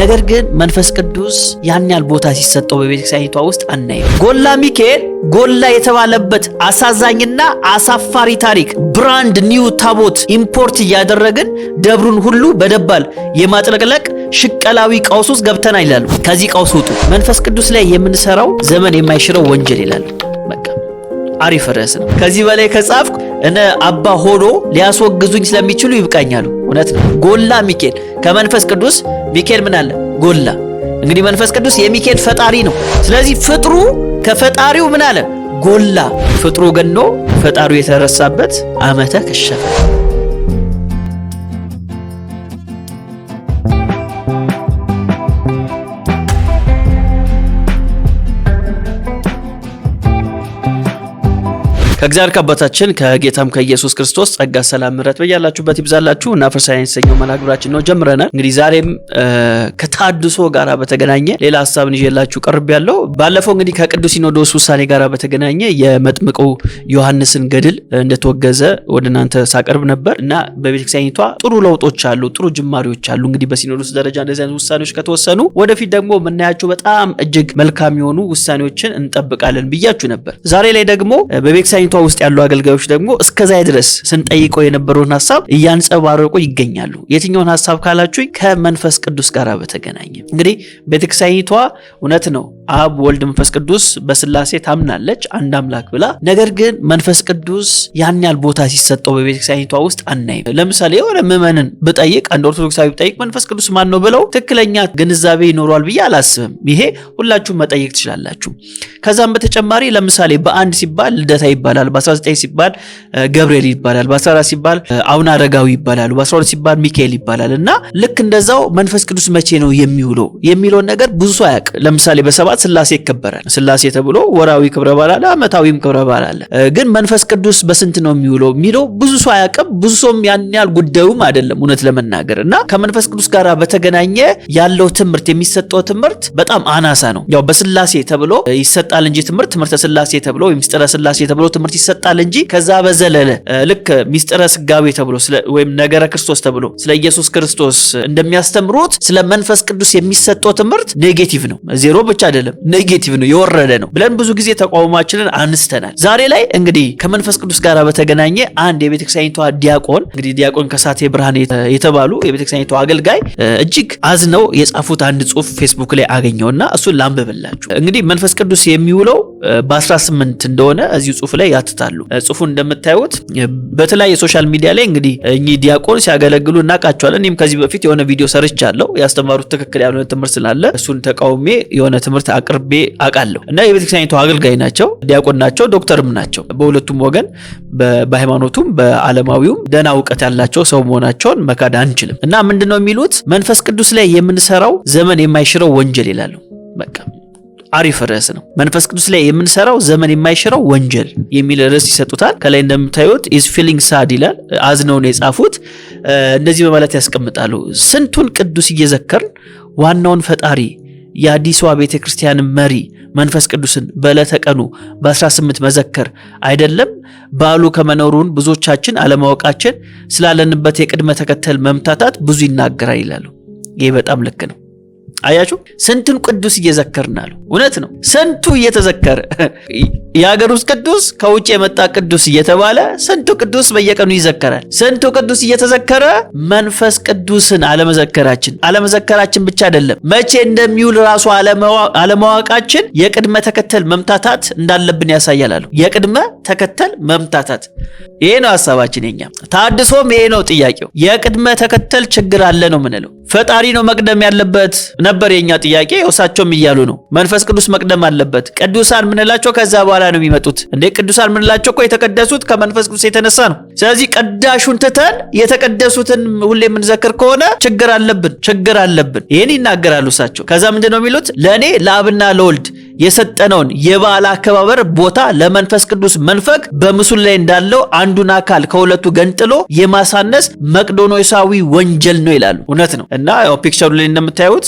ነገር ግን መንፈስ ቅዱስ ያን ያህል ቦታ ሲሰጠው በቤተክርስቲያኒቷ ውስጥ አናይም። ጎላ ሚካኤል ጎላ የተባለበት አሳዛኝና አሳፋሪ ታሪክ ብራንድ ኒው ታቦት ኢምፖርት እያደረግን ደብሩን ሁሉ በደባል የማጥለቅለቅ ሽቀላዊ ቀውስ ውስጥ ገብተናል ይላሉ። ከዚህ ቀውስ ውጡ። መንፈስ ቅዱስ ላይ የምንሰራው ዘመን የማይሽረው ወንጀል ይላሉ። በቃ አሪፍ ርዕስ ነው። ከዚህ በላይ ከጻፍኩ እነ አባ ሆኖ ሊያስወግዙኝ ስለሚችሉ ይብቃኛሉ። እውነት ጎላ ሚካኤል ከመንፈስ ቅዱስ ሚካኤል ምን አለ ጎላ። እንግዲህ መንፈስ ቅዱስ የሚካኤል ፈጣሪ ነው። ስለዚህ ፍጥሩ ከፈጣሪው ምን አለ ጎላ። ፍጥሩ ገኖ ፈጣሪው የተረሳበት አመተ ከሸፈ። ከእግዚአብሔር ከአባታችን ከጌታም ከኢየሱስ ክርስቶስ ጸጋ ሰላም ምረት በያላችሁበት ይብዛላችሁ እና ፈርሳይ የተሰኘው መናግብራችን ነው ጀምረናል። እንግዲህ ዛሬም ከታድሶ ጋር በተገናኘ ሌላ ሀሳብን ይዤላችሁ ቀርብ ያለው ባለፈው እንግዲህ ከቅዱስ ሲኖዶስ ውሳኔ ጋር በተገናኘ የመጥምቁ ዮሐንስን ገድል እንደተወገዘ ወደ እናንተ ሳቀርብ ነበር እና በቤተክርስቲያኒቷ ጥሩ ለውጦች አሉ፣ ጥሩ ጅማሬዎች አሉ። እንግዲህ በሲኖዶስ ደረጃ እንደዚህ አይነት ውሳኔዎች ከተወሰኑ ወደፊት ደግሞ የምናያቸው በጣም እጅግ መልካም የሆኑ ውሳኔዎችን እንጠብቃለን ብያችሁ ነበር። ዛሬ ላይ ደግሞ በቤተክርስቲያኒቷ በድርጅቷ ውስጥ ያሉ አገልጋዮች ደግሞ እስከዛ ድረስ ስንጠይቀው የነበረውን ሀሳብ እያንጸባረቁ ይገኛሉ። የትኛውን ሀሳብ ካላችሁኝ ከመንፈስ ቅዱስ ጋር በተገናኘ እንግዲህ ቤተክርስቲያኒቷ እውነት ነው አብ ወልድ መንፈስ ቅዱስ በስላሴ ታምናለች አንድ አምላክ ብላ። ነገር ግን መንፈስ ቅዱስ ያን ያህል ቦታ ሲሰጠው በቤተክርስቲያኒቷ ውስጥ አናይም። ለምሳሌ የሆነ ምዕመንን ብጠይቅ አንድ ኦርቶዶክሳዊ ብጠይቅ መንፈስ ቅዱስ ማን ነው ብለው ትክክለኛ ግንዛቤ ይኖሯል ብዬ አላስብም። ይሄ ሁላችሁም መጠየቅ ትችላላችሁ። ከዛም በተጨማሪ ለምሳሌ በአንድ ሲባል ልደታ ይባላል ይባላል። በ19 ሲባል ገብርኤል ይባላል። በ14 ሲባል አቡነ አረጋዊ ይባላሉ። በ12 ሲባል ሚካኤል ይባላል እና ልክ እንደዛው መንፈስ ቅዱስ መቼ ነው የሚውለው የሚለውን ነገር ብዙ ሰው አያውቅ። ለምሳሌ በሰባት ስላሴ ይከበራል። ስላሴ ተብሎ ወራዊ ክብረ በዓል አለ፣ አመታዊም ክብረ በዓል አለ። ግን መንፈስ ቅዱስ በስንት ነው የሚውለው የሚለው ብዙ ሰው አያውቅም። ብዙ ሰውም ያን ያህል ጉዳዩም አይደለም እውነት ለመናገር እና ከመንፈስ ቅዱስ ጋር በተገናኘ ያለው ትምህርት የሚሰጠው ትምህርት በጣም አናሳ ነው። ያው በስላሴ ተብሎ ይሰጣል እንጂ ትምህርት ትምህርተ ስላሴ ተብሎ ወይም ምስጢረ ስላሴ ተብሎ ትምህርት ይሰጣል እንጂ ከዛ በዘለለ ልክ ሚስጥረ ስጋዌ ተብሎ ወይም ነገረ ክርስቶስ ተብሎ ስለ ኢየሱስ ክርስቶስ እንደሚያስተምሩት ስለ መንፈስ ቅዱስ የሚሰጠው ትምህርት ኔጌቲቭ ነው። ዜሮ ብቻ አይደለም፣ ኔጌቲቭ ነው፣ የወረደ ነው ብለን ብዙ ጊዜ ተቋማችንን አንስተናል። ዛሬ ላይ እንግዲህ ከመንፈስ ቅዱስ ጋር በተገናኘ አንድ የቤተክርስቲያኒቷ ዲያቆን እንግዲህ ዲያቆን ከሳቴ ብርሃን የተባሉ የቤተክርስቲያኒቷ አገልጋይ እጅግ አዝነው የጻፉት አንድ ጽሁፍ ፌስቡክ ላይ አገኘውና እሱን ላንብብላችሁ። እንግዲህ መንፈስ ቅዱስ የሚውለው በ18 እንደሆነ እዚሁ ጽሁፍ ላይ ያትታሉ። ጽሁፉን እንደምታዩት በተለያየ ሶሻል ሚዲያ ላይ እንግዲህ እኚህ ዲያቆን ሲያገለግሉ እናቃቸዋለን። እኔም ከዚህ በፊት የሆነ ቪዲዮ ሰርቻለሁ። ያስተማሩት ትክክል ያልሆነ ትምህርት ስላለ እሱን ተቃውሜ የሆነ ትምህርት አቅርቤ አውቃለሁ። እና የቤተክርስቲያኒቱ አገልጋይ ናቸው፣ ዲያቆን ናቸው፣ ዶክተርም ናቸው። በሁለቱም ወገን በሃይማኖቱም በዓለማዊውም ደህና እውቀት ያላቸው ሰው መሆናቸውን መካድ አንችልም። እና ምንድን ነው የሚሉት መንፈስ ቅዱስ ላይ የምንሰራው ዘመን የማይሽረው ወንጀል ይላሉ በቃ አሪፍ ርዕስ ነው። መንፈስ ቅዱስ ላይ የምንሰራው ዘመን የማይሽረው ወንጀል የሚል ርዕስ ይሰጡታል። ከላይ እንደምታዩት ኢዝ ፊሊንግ ሳድ ይላል። አዝነው ነው የጻፉት። እንደዚህ በማለት ያስቀምጣሉ። ስንቱን ቅዱስ እየዘከርን ዋናውን ፈጣሪ የአዲስዋ ቤተ ክርስቲያን መሪ መንፈስ ቅዱስን በዕለተ ቀኑ በ18 መዘከር አይደለም በዓሉ ከመኖሩን ብዙዎቻችን አለማወቃችን ስላለንበት የቅድመ ተከተል መምታታት ብዙ ይናገራል ይላሉ። ይህ በጣም ልክ ነው። አያችሁ ስንቱን ቅዱስ እየዘከርን አሉ። እውነት ነው፣ ስንቱ እየተዘከረ የሀገር ውስጥ ቅዱስ ከውጭ የመጣ ቅዱስ እየተባለ ስንቱ ቅዱስ በየቀኑ ይዘከራል። ስንቱ ቅዱስ እየተዘከረ መንፈስ ቅዱስን አለመዘከራችን አለመዘከራችን ብቻ አይደለም፣ መቼ እንደሚውል ራሱ አለማወቃችን የቅድመ ተከተል መምታታት እንዳለብን ያሳያል አሉ። የቅድመ ተከተል መምታታት ይሄ ነው ሀሳባችን የኛ። ታድሶም ይሄ ነው ጥያቄው። የቅድመ ተከተል ችግር አለ ነው ምንለው ፈጣሪ ነው መቅደም ያለበት ነበር የኛ ጥያቄ። እሳቸውም እያሉ ነው መንፈስ ቅዱስ መቅደም አለበት። ቅዱሳን ምንላቸው ከዛ በኋላ ነው የሚመጡት። እንዴ ቅዱሳን ምንላቸው እኮ የተቀደሱት ከመንፈስ ቅዱስ የተነሳ ነው። ስለዚህ ቀዳሹን ትተን የተቀደሱትን ሁሌ የምንዘክር ከሆነ ችግር አለብን፣ ችግር አለብን። ይህን ይናገራሉ እሳቸው። ከዛ ምንድን ነው የሚሉት? ለእኔ ለአብና ለወልድ የሰጠነውን የበዓል አከባበር ቦታ ለመንፈስ ቅዱስ መንፈቅ በምስሉ ላይ እንዳለው አንዱን አካል ከሁለቱ ገንጥሎ የማሳነስ መቅዶኖሳዊ ወንጀል ነው ይላሉ። እውነት ነው እና ያው ፒክቸሩ ላይ እንደምታዩት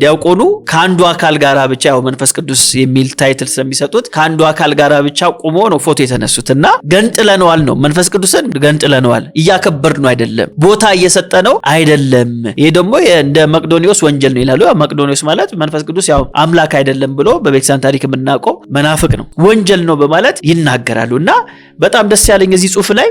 ዲያቆኑ ከአንዱ አካል ጋር ብቻ ያው መንፈስ ቅዱስ የሚል ታይትል ስለሚሰጡት ከአንዱ አካል ጋር ብቻ ቁሞ ነው ፎቶ የተነሱት እና ገንጥለነዋል ነው መንፈስ ቅዱስን ገንጥለነዋል። እያከበር ነው አይደለም፣ ቦታ እየሰጠ ነው አይደለም። ይህ ደግሞ እንደ መቅዶኒዎስ ወንጀል ነው ይላሉ። መቅዶኒዎስ ማለት መንፈስ ቅዱስ ያው አምላክ አይደለም ብሎ በቤተክርስቲያን ታሪክ የምናውቀው መናፍቅ ነው፣ ወንጀል ነው በማለት ይናገራሉ። እና በጣም ደስ ያለኝ እዚህ ጽሁፍ ላይ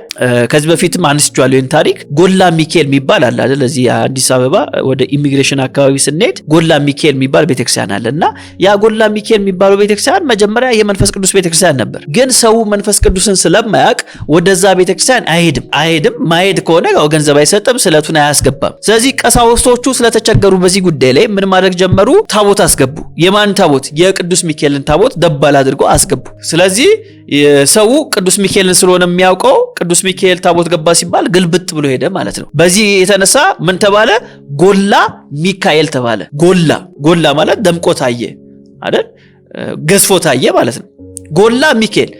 ከዚህ በፊትም አንስቼዋለሁ ይህን ታሪክ። ጎላ ሚካኤል የሚባል አለ አይደል? እዚህ አዲስ አበባ ወደ ኢሚግሬሽን አካባቢ ስንሄድ ጎላ ሚካኤል የሚባል ቤተክርስቲያን አለ እና ያ ጎላ ሚካኤል የሚባለው ቤተክርስቲያን መጀመሪያ የመንፈስ ቅዱስ ቤተክርስቲያን ነበር። ግን ሰው መንፈስ ቅዱስን ስለማያውቅ ወደዛ ቤተክርስቲያን አይሄድም አይሄድም። ማሄድ ከሆነ ያው ገንዘብ አይሰጥም፣ ስለቱን አያስገባም። ስለዚህ ቀሳውስቶቹ ስለተቸገሩ በዚህ ጉዳይ ላይ ምን ማድረግ ጀመሩ? ታቦት አስገቡ። የማን ታቦት? የቅዱስ የቅዱስ ሚካኤልን ታቦት ደባል አድርጎ አስገቡ። ስለዚህ ሰው ቅዱስ ሚካኤልን ስለሆነ የሚያውቀው ቅዱስ ሚካኤል ታቦት ገባ ሲባል ግልብጥ ብሎ ሄደ ማለት ነው። በዚህ የተነሳ ምን ተባለ? ጎላ ሚካኤል ተባለ። ጎላ ጎላ ማለት ደምቆ ታየ አይደል? ገዝፎ ታየ ማለት ነው። ጎላ ሚካኤል።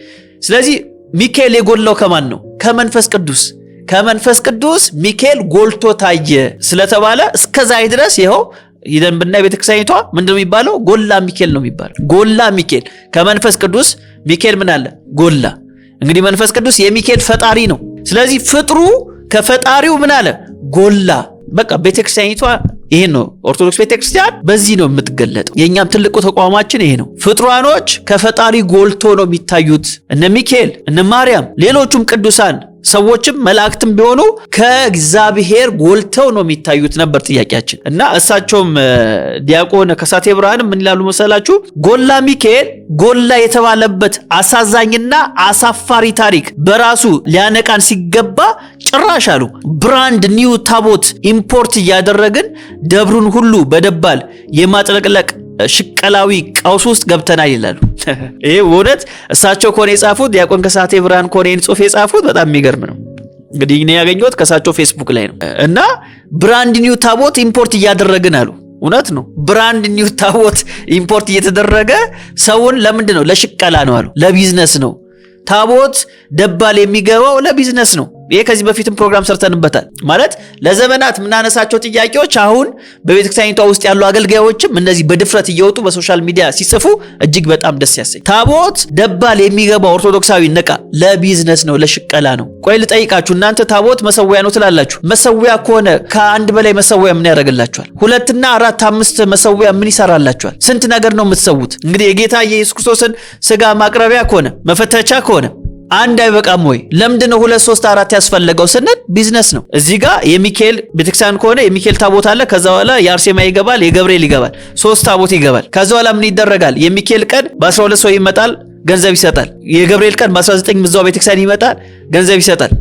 ስለዚህ ሚካኤል የጎላው ከማን ነው? ከመንፈስ ቅዱስ ከመንፈስ ቅዱስ ሚካኤል ጎልቶ ታየ ስለተባለ እስከ ድረስ ይኸው ሂደን ብናይ ቤተክርስቲያኒቷ ምንድነው የሚባለው? ጎላ ሚካኤል ነው የሚባለው። ጎላ ሚካኤል ከመንፈስ ቅዱስ ሚካኤል ምን አለ? ጎላ። እንግዲህ መንፈስ ቅዱስ የሚካኤል ፈጣሪ ነው። ስለዚህ ፍጥሩ ከፈጣሪው ምን አለ? ጎላ። በቃ ቤተክርስቲያኒቷ ይሄ ነው ኦርቶዶክስ ቤተክርስቲያን በዚህ ነው የምትገለጠው። የእኛም ትልቁ ተቋማችን ይሄ ነው። ፍጥሯኖች ከፈጣሪ ጎልቶ ነው የሚታዩት። እነ ሚካኤል፣ እነ ማርያም፣ ሌሎቹም ቅዱሳን ሰዎችም መላእክትም ቢሆኑ ከእግዚአብሔር ጎልተው ነው የሚታዩት ነበር ጥያቄያችን። እና እሳቸውም ዲያቆን ከሳቴ ብርሃንም ምን ይላሉ መሰላችሁ? ጎላ ሚካኤል ጎላ የተባለበት አሳዛኝና አሳፋሪ ታሪክ በራሱ ሊያነቃን ሲገባ ጭራሽ አሉ ብራንድ ኒው ታቦት ኢምፖርት እያደረግን ደብሩን ሁሉ በደባል የማጥለቅለቅ ሽቀላዊ ቀውስ ውስጥ ገብተናል ይላሉ። ይህ እውነት እሳቸው ከሆነ የጻፉት ዲያቆን ከሳቴ ብርሃን ከሆነ ይህን ጽሑፍ የጻፉት በጣም የሚገርም ነው። እንግዲህ እኔ ያገኘሁት ከእሳቸው ፌስቡክ ላይ ነው እና ብራንድ ኒው ታቦት ኢምፖርት እያደረግን አሉ። እውነት ነው። ብራንድ ኒው ታቦት ኢምፖርት እየተደረገ ሰውን ለምንድን ነው? ለሽቀላ ነው አሉ። ለቢዝነስ ነው። ታቦት ደባል የሚገባው ለቢዝነስ ነው። ይሄ ከዚህ በፊትም ፕሮግራም ሰርተንበታል። ማለት ለዘመናት የምናነሳቸው ጥያቄዎች አሁን ክርስቲያኒቷ ውስጥ ያሉ አገልጋዮችም እነዚህ በድፍረት እየወጡ በሶሻል ሚዲያ ሲጽፉ እጅግ በጣም ደስ ያሰኝ። ታቦት ደባል የሚገባ ኦርቶዶክሳዊ ነቃ ለቢዝነስ ነው፣ ለሽቀላ ነው። ቆይ ልጠይቃችሁ፣ እናንተ ታቦት መሰዊያ ነው ትላላችሁ። መሰዊያ ከሆነ ከአንድ በላይ መሰዊያ ምን ያደርግላችኋል? ሁለትና አራት አምስት መሰዊያ ምን ይሰራላችኋል? ስንት ነገር ነው የምትሰዉት? እንግዲህ የጌታ የኢየሱስ ክርስቶስን ስጋ ማቅረቢያ ከሆነ መፈተቻ ከሆነ አንድ አይበቃም ወይ? ለምንድነው ነው ሁለት ሶስት አራት ያስፈለገው ስንል ቢዝነስ ነው። እዚህ ጋር የሚካኤል ቤተክርስቲያን ከሆነ የሚካኤል ታቦት አለ። ከዛ በኋላ የአርሴማ ይገባል፣ የገብርኤል ይገባል፣ ሶስት ታቦት ይገባል። ከዛ በኋላ ምን ይደረጋል? የሚካኤል ቀን በ12 ሰው ይመጣል፣ ገንዘብ ይሰጣል። የገብርኤል ቀን በ19 ምዛው ቤተክርስቲያን ይመጣል፣ ገንዘብ ይሰጣል።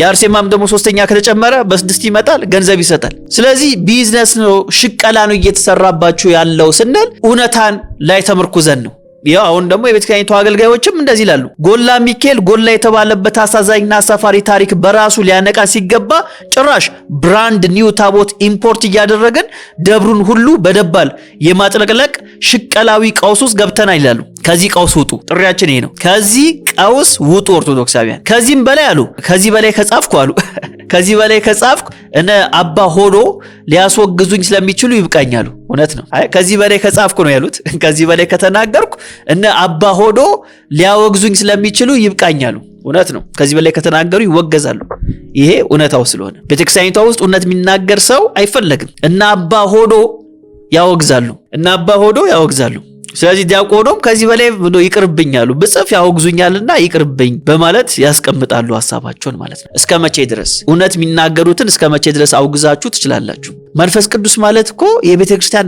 የአርሴማም ደግሞ ሶስተኛ ከተጨመረ በስድስት ይመጣል፣ ገንዘብ ይሰጣል። ስለዚህ ቢዝነስ ነው፣ ሽቀላ ነው እየተሰራባችሁ ያለው ስንል እውነታን ላይ ተመርኩዘን ነው። ያው አሁን ደግሞ የቤተክርስቲያኒቱ አገልጋዮችም እንደዚህ ይላሉ። ጎላ ሚካኤል ጎላ የተባለበት አሳዛኝና አሳፋሪ ታሪክ በራሱ ሊያነቃ ሲገባ ጭራሽ ብራንድ ኒው ታቦት ኢምፖርት እያደረግን ደብሩን ሁሉ በደባል የማጥለቅለቅ ሽቀላዊ ቀውስ ውስጥ ገብተናል ይላሉ። ከዚህ ቀውስ ውጡ። ጥሪያችን ይሄ ነው። ከዚህ ቀውስ ውጡ ኦርቶዶክሳውያን። ከዚህም በላይ አሉ። ከዚህ በላይ ከጻፍኩ አሉ ከዚህ በላይ ከጻፍኩ እነ አባ ሆኖ ሊያስወግዙኝ ስለሚችሉ ይብቃኛሉ። እውነት ነው። ከዚህ በላይ ከጻፍኩ ነው ያሉት። ከዚህ በላይ ከተናገርኩ እነ አባ ሆኖ ሊያወግዙኝ ስለሚችሉ ይብቃኛሉ። እውነት ነው። ከዚህ በላይ ከተናገሩ ይወገዛሉ። ይሄ እውነታው ስለሆነ ቤተክርስቲያኒቷ ውስጥ እውነት የሚናገር ሰው አይፈለግም። እነ አባ ሆዶ ያወግዛሉ። እነ አባ ሆዶ ያወግዛሉ። ስለዚህ ዲያቆኖም ከዚህ በላይ ይቅርብኝ አሉ። ብጽፍ ያወግዙኛልና ይቅርብኝ በማለት ያስቀምጣሉ ሀሳባቸውን ማለት ነው። እስከ መቼ ድረስ እውነት የሚናገሩትን እስከ መቼ ድረስ አውግዛችሁ ትችላላችሁ? መንፈስ ቅዱስ ማለት እኮ የቤተ ክርስቲያን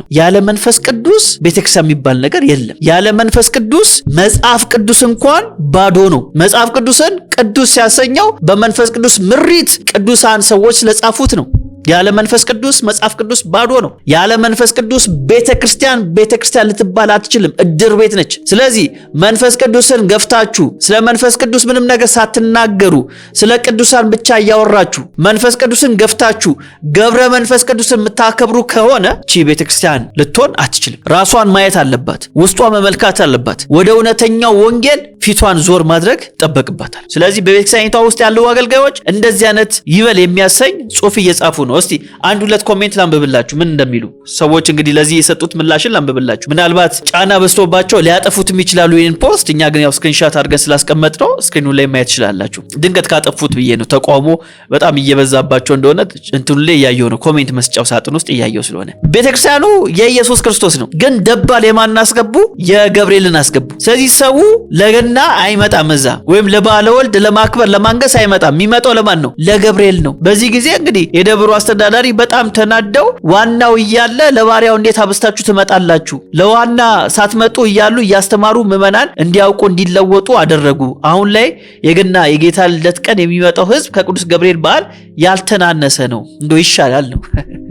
ነው። ያለ መንፈስ ቅዱስ ቤተ ክርስቲያን የሚባል ነገር የለም። ያለ መንፈስ ቅዱስ መጽሐፍ ቅዱስ እንኳን ባዶ ነው። መጽሐፍ ቅዱስን ቅዱስ ሲያሰኘው በመንፈስ ቅዱስ ምሪት ቅዱሳን ሰዎች ስለጻፉት ነው። ያለ መንፈስ ቅዱስ መጽሐፍ ቅዱስ ባዶ ነው። ያለ መንፈስ ቅዱስ ቤተ ክርስቲያን ቤተ ክርስቲያን ልትባል አትችልም፣ እድር ቤት ነች። ስለዚህ መንፈስ ቅዱስን ገፍታችሁ ስለ መንፈስ ቅዱስ ምንም ነገር ሳትናገሩ ስለ ቅዱሳን ብቻ እያወራችሁ መንፈስ ቅዱስን ገፍታችሁ ገብረ መንፈስ ቅዱስን የምታከብሩ ከሆነ ቺ ቤተ ክርስቲያን ልትሆን አትችልም። ራሷን ማየት አለባት፣ ውስጧ መመልካት አለባት። ወደ እውነተኛው ወንጌል ፊቷን ዞር ማድረግ ይጠበቅባታል። ስለዚህ በቤተክርስቲያኒቷ ውስጥ ያሉ አገልጋዮች እንደዚህ አይነት ይበል የሚያሰኝ ጽሑፍ እየጻፉ ነው። ነው። እስቲ አንድ ሁለት ኮሜንት ላንብብላችሁ ምን እንደሚሉ ሰዎች እንግዲህ ለዚህ የሰጡት ምላሽን ላንብብላችሁ። ምናልባት ጫና በዝቶባቸው ሊያጠፉትም ይችላሉ ይህን ፖስት። እኛ ግን ያው ስክሪንሻት አድርገን ስላስቀመጥ ነው እስክሪኑ ላይ ማየት ትችላላችሁ። ድንገት ካጠፉት ብዬ ነው። ተቃውሞ በጣም እየበዛባቸው እንደሆነ እንትኑ ላይ እያየው ነው። ኮሜንት መስጫው ሳጥን ውስጥ እያየው ስለሆነ ቤተክርስቲያኑ የኢየሱስ ክርስቶስ ነው፣ ግን ደባል የማን አስገቡ? የገብርኤልን አስገቡ። ስለዚህ ሰው ለገና አይመጣም እዛ ወይም ለባለወልድ ለማክበር ለማንገስ አይመጣም። የሚመጣው ለማን ነው? ለገብርኤል ነው። በዚህ ጊዜ እንግዲህ የደብሩ አስተዳዳሪ በጣም ተናደው ዋናው እያለ ለባሪያው እንዴት አብስታችሁ ትመጣላችሁ? ለዋና ሳትመጡ እያሉ እያስተማሩ ምዕመናን እንዲያውቁ እንዲለወጡ አደረጉ። አሁን ላይ የገና የጌታ ልደት ቀን የሚመጣው ህዝብ ከቅዱስ ገብርኤል በዓል ያልተናነሰ ነው። እንዶ ይሻላል ነው።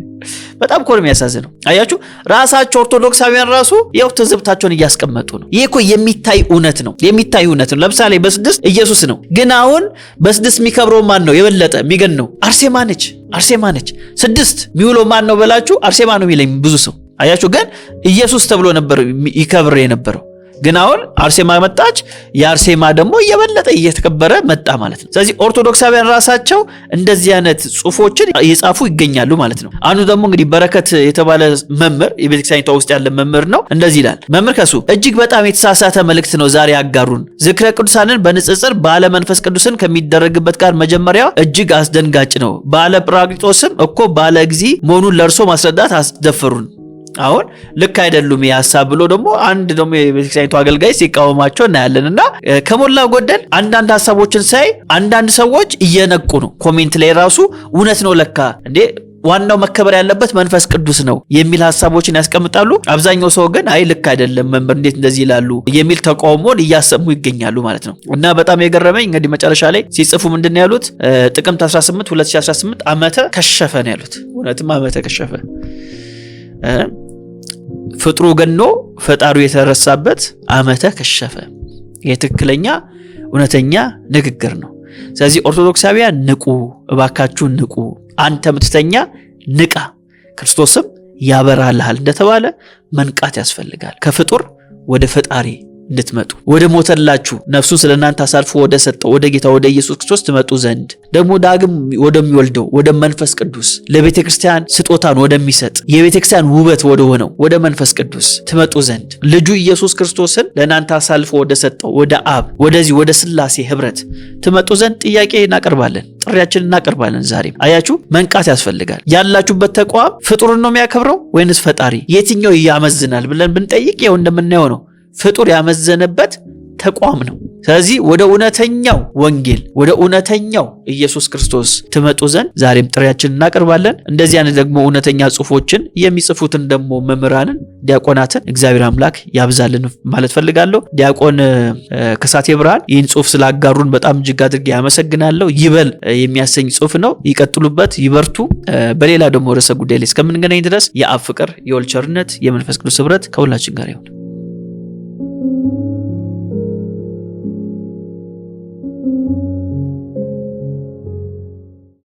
በጣም እኮ ነው የሚያሳዝነው። አያችሁ ራሳቸው ኦርቶዶክሳውያን ራሱ ያው ትዝብታቸውን እያስቀመጡ ነው። ይህ እኮ የሚታይ እውነት ነው፣ የሚታይ እውነት ነው። ለምሳሌ በስድስት ኢየሱስ ነው፣ ግን አሁን በስድስት የሚከብረው ማን ነው? የበለጠ የሚገን ነው አርሴማ ነች፣ አርሴማ ነች። ስድስት የሚውለው ማን ነው በላችሁ፣ አርሴማ ነው የሚለኝ ብዙ ሰው። አያችሁ ግን ኢየሱስ ተብሎ ነበር ይከብር የነበረው ግን አሁን አርሴማ መጣች። የአርሴማ ደግሞ እየበለጠ እየተከበረ መጣ ማለት ነው። ስለዚህ ኦርቶዶክሳውያን ራሳቸው እንደዚህ አይነት ጽሁፎችን እየጻፉ ይገኛሉ ማለት ነው። አንዱ ደግሞ እንግዲህ በረከት የተባለ መምህር የቤተክርስቲያኒቷ ውስጥ ያለ መምህር ነው። እንደዚህ ይላል መምህር ከሱ እጅግ በጣም የተሳሳተ መልእክት ነው ዛሬ ያጋሩን። ዝክረ ቅዱሳንን በንጽጽር በዓለ መንፈስ ቅዱስን ከሚደረግበት ጋር መጀመሪያ እጅግ አስደንጋጭ ነው። በዓለ ጰራቅሊጦስም እኮ ባለ ጊዜ መሆኑን ለእርሶ ማስረዳት አስደፈሩን። አሁን ልክ አይደሉም ይህ ሀሳብ ብሎ ደግሞ አንድ ደግሞ የቤተክርስቲያኒቱ አገልጋይ ሲቃወማቸው እናያለን። እና ከሞላ ጎደል አንዳንድ ሀሳቦችን ሳይ አንዳንድ ሰዎች እየነቁ ነው። ኮሜንት ላይ ራሱ እውነት ነው ለካ እንዴ ዋናው መከበር ያለበት መንፈስ ቅዱስ ነው የሚል ሀሳቦችን ያስቀምጣሉ። አብዛኛው ሰው ግን አይ ልክ አይደለም መንበር እንዴት እንደዚህ ይላሉ የሚል ተቃውሞን እያሰሙ ይገኛሉ ማለት ነው። እና በጣም የገረመኝ እንግዲህ መጨረሻ ላይ ሲጽፉ ምንድን ነው ያሉት? ጥቅምት 18 2018 ዓመተ ከሸፈ ነው ያሉት። እውነትም ዓመተ ከሸፈ ፍጥሩ ገኖ ፈጣሩ የተረሳበት አመተ ከሸፈ የትክክለኛ እውነተኛ ንግግር ነው። ስለዚህ ኦርቶዶክሳዊያን ንቁ፣ እባካችሁ ንቁ። አንተ ምትተኛ ንቃ፣ ክርስቶስም ያበራልሃል እንደተባለ መንቃት ያስፈልጋል። ከፍጡር ወደ ፈጣሪ እንድትመጡ ወደ ሞተላችሁ ነፍሱን ስለ እናንተ አሳልፎ ወደ ሰጠው ወደ ጌታ ወደ ኢየሱስ ክርስቶስ ትመጡ ዘንድ ደግሞ ዳግም ወደሚወልደው ወደ መንፈስ ቅዱስ ለቤተ ክርስቲያን ስጦታን ወደሚሰጥ የቤተ ክርስቲያን ውበት ወደ ሆነው ወደ መንፈስ ቅዱስ ትመጡ ዘንድ ልጁ ኢየሱስ ክርስቶስን ለእናንተ አሳልፎ ወደ ሰጠው ወደ አብ ወደዚህ ወደ ስላሴ ህብረት ትመጡ ዘንድ ጥያቄ እናቀርባለን፣ ጥሪያችን እናቀርባለን። ዛሬም አያችሁ መንቃት ያስፈልጋል። ያላችሁበት ተቋም ፍጡርን ነው የሚያከብረው ወይንስ ፈጣሪ? የትኛው ያመዝናል ብለን ብንጠይቅ ይኸው እንደምናየው ነው። ፍጡር ያመዘነበት ተቋም ነው። ስለዚህ ወደ እውነተኛው ወንጌል ወደ እውነተኛው ኢየሱስ ክርስቶስ ትመጡ ዘንድ ዛሬም ጥሪያችን እናቀርባለን። እንደዚህ አይነት ደግሞ እውነተኛ ጽሁፎችን የሚጽፉትን ደግሞ መምህራንን፣ ዲያቆናትን እግዚአብሔር አምላክ ያብዛልን ማለት ፈልጋለሁ። ዲያቆን ከሳቴ ብርሃን ይህን ጽሁፍ ስላጋሩን በጣም እጅግ አድርጌ ያመሰግናለሁ። ይበል የሚያሰኝ ጽሁፍ ነው። ይቀጥሉበት፣ ይበርቱ። በሌላ ደግሞ ርዕሰ ጉዳይ ላይ እስከምንገናኝ ድረስ የአብ ፍቅር፣ የወልድ ቸርነት፣ የመንፈስ ቅዱስ ህብረት ከሁላችን ጋር ይሁን።